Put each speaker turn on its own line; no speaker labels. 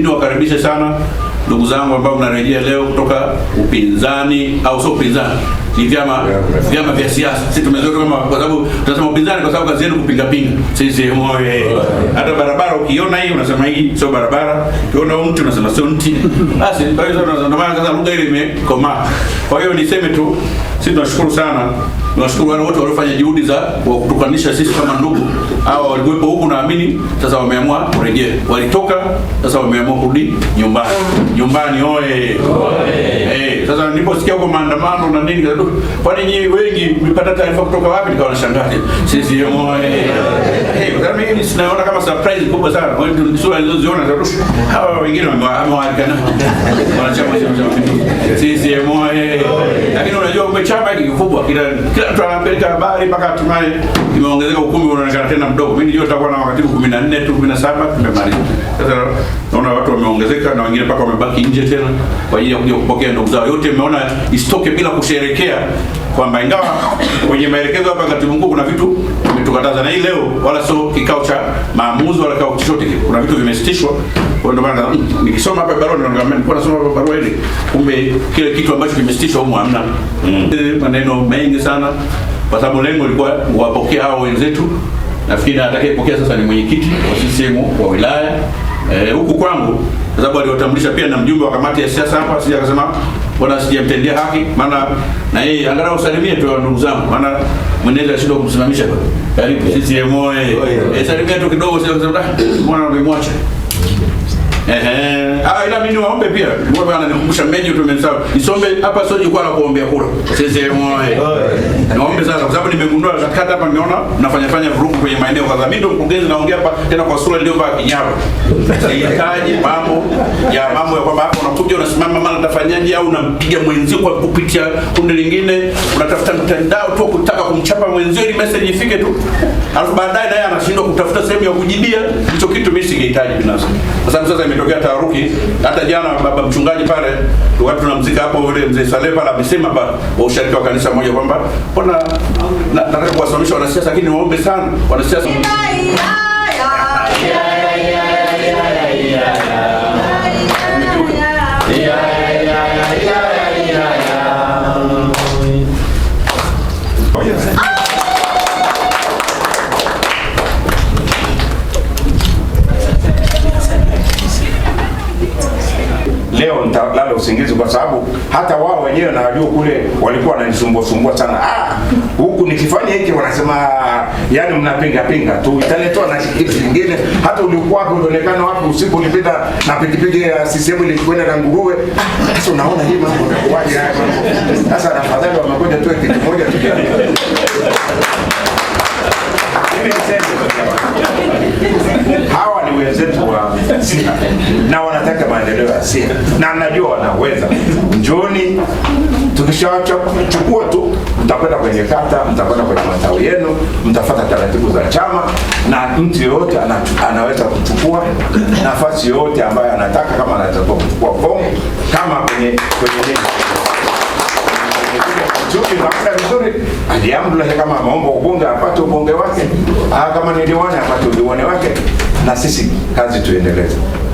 Mimi niwakaribishe sana ndugu zangu ambao mnarejea leo kutoka upinzani au sio upinzani ni vyama vyama vya siasa. Sisi tumezoea kama kwa sababu tunasema upinzani kwa sababu kazi yetu kupinga pinga. Sisi moyo hata barabara ukiona hii unasema hii sio barabara, ukiona mtu unasema sio mti. Basi kwa hiyo sasa ndio maana kaza lugha ile imekoma. Kwa hiyo niseme tu sisi tunashukuru sana, tunashukuru wale wote waliofanya juhudi za kutukanisha sisi kama ndugu. Hao walikuwepo huku, naamini sasa wameamua kurejea, walitoka sasa wameamua kurudi nyumbani. Nyumbani oye! Eh. Sasa niliposikia huko maandamano na nini, kwa nini wengi mlipata taarifa kutoka wapi? Nikawa nashangaa sisi mimi sinaona kama surprise kubwa sana kwa sura nilizoziona hawa wengine wamewaalika na wanachama cha mapinduzi sisi moyo Kumbe chama hiki kikubwa, kila kila mtu anapeleka habari mpaka hatimaye imeongezeka, ukumbi unaonekana tena mdogo. Mimi ndio tutakuwa na wakati 14 tu 17, tumemaliza sasa. Naona watu wameongezeka na wengine mpaka wamebaki nje tena kwa ajili ya kuja kupokea ndugu zao. Yote imeona isitoke bila kusherekea, kwamba ingawa kwenye maelekezo hapa katibu mkuu kuna vitu kilitukataza, na hii leo wala sio kikao cha maamuzi wala kikao chochote kile. Kuna vitu vimesitishwa, kwa ndio maana mm, nikisoma hapa barua nikaambia nilikuwa nasoma hapa barua ile, kumbe kile kitu ambacho kimesitishwa huko hamna mm. eh, maneno mengi sana, kwa sababu lengo lilikuwa kuwapokea hao wenzetu. Nafikiri atakayepokea sasa ni mwenyekiti wa CCM wa wilaya eh, huku e, kwangu kwa sababu aliwatambulisha pia na mjumbe wa kamati ya siasa hapa, sija akasema bwana, sijamtendea haki, maana na yeye angalau usalimie tu ndugu zangu maana mwenezi ashindwa kumsimamisha. Karibu CCM oye, eh, salimia tu kidogo, sio kusema ah, mwana umemwacha Ah, ila mimi niwaombe pia. Wewe bwana nikumbusha meji tumemsahau. Nisombe hapa sio jukwaa la kuombea kura. Sisi moyo. Niombe sana kwa sababu nimegundua katikati hapa nimeona mnafanya fanya vurugu kwenye maeneo kadhaa. Mimi ndo mkurugenzi naongea hapa tena kwa sura ndio baba kinyaro. Sihitaji mambo ya mambo ya kwamba hapa unakuja unasimama mara utafanyaje au unampiga mwenzio kwa kupitia kundi lingine, unatafuta mtandao tu kutaka kumchapa mwenzio ili message ifike tu. Alafu baadaye naye anashindwa kutafuta sehemu ya kujibia. Hicho kitu mimi singehitaji binafsi kwa sababu sasa imetokea taharuki. Hata jana baba mchungaji pale watu tunamzika hapo, yule mzee Saleh pale amesema wa ushirika wa kanisa moja kwamba mbona nataka kuwasimamisha wanasiasa, lakini niwaombe sana wanasiasa nitalala usingizi, kwa sababu hata wao wenyewe nawajua kule walikuwa wananisumbua sumbua sana. Ah, huku nikifanya hiki wanasema, yani mnapinga pinga tu, italetoa na kitu kingine. Hata ulikuwa hapo ulionekana wapi usiku, ulipita na pikipiki ya CCM ilikwenda na nguruwe. Ah, sasa unaona hii mambo yanakuwaje haya sasa. Afadhali wamekuja tu kitu moja tu. Mimi niseme wenzetu wa Msiha na wanataka maendeleo ya Siha na najua wanaweza. Njoni, tukishachukua tu mtakwenda kwenye kata, mtakwenda kwenye matawi yenu, mtafata taratibu za chama, na mtu yoyote anaweza kuchukua nafasi yoyote ambayo anataka, kama anaweza kuchukua fomu kama kwenye kwenye aa vizuri, alhamdulillah. Kama ameomba ubunge apate ubunge wake, ah, kama ni diwani apate udiwani wake na sisi kazi tuendeleze.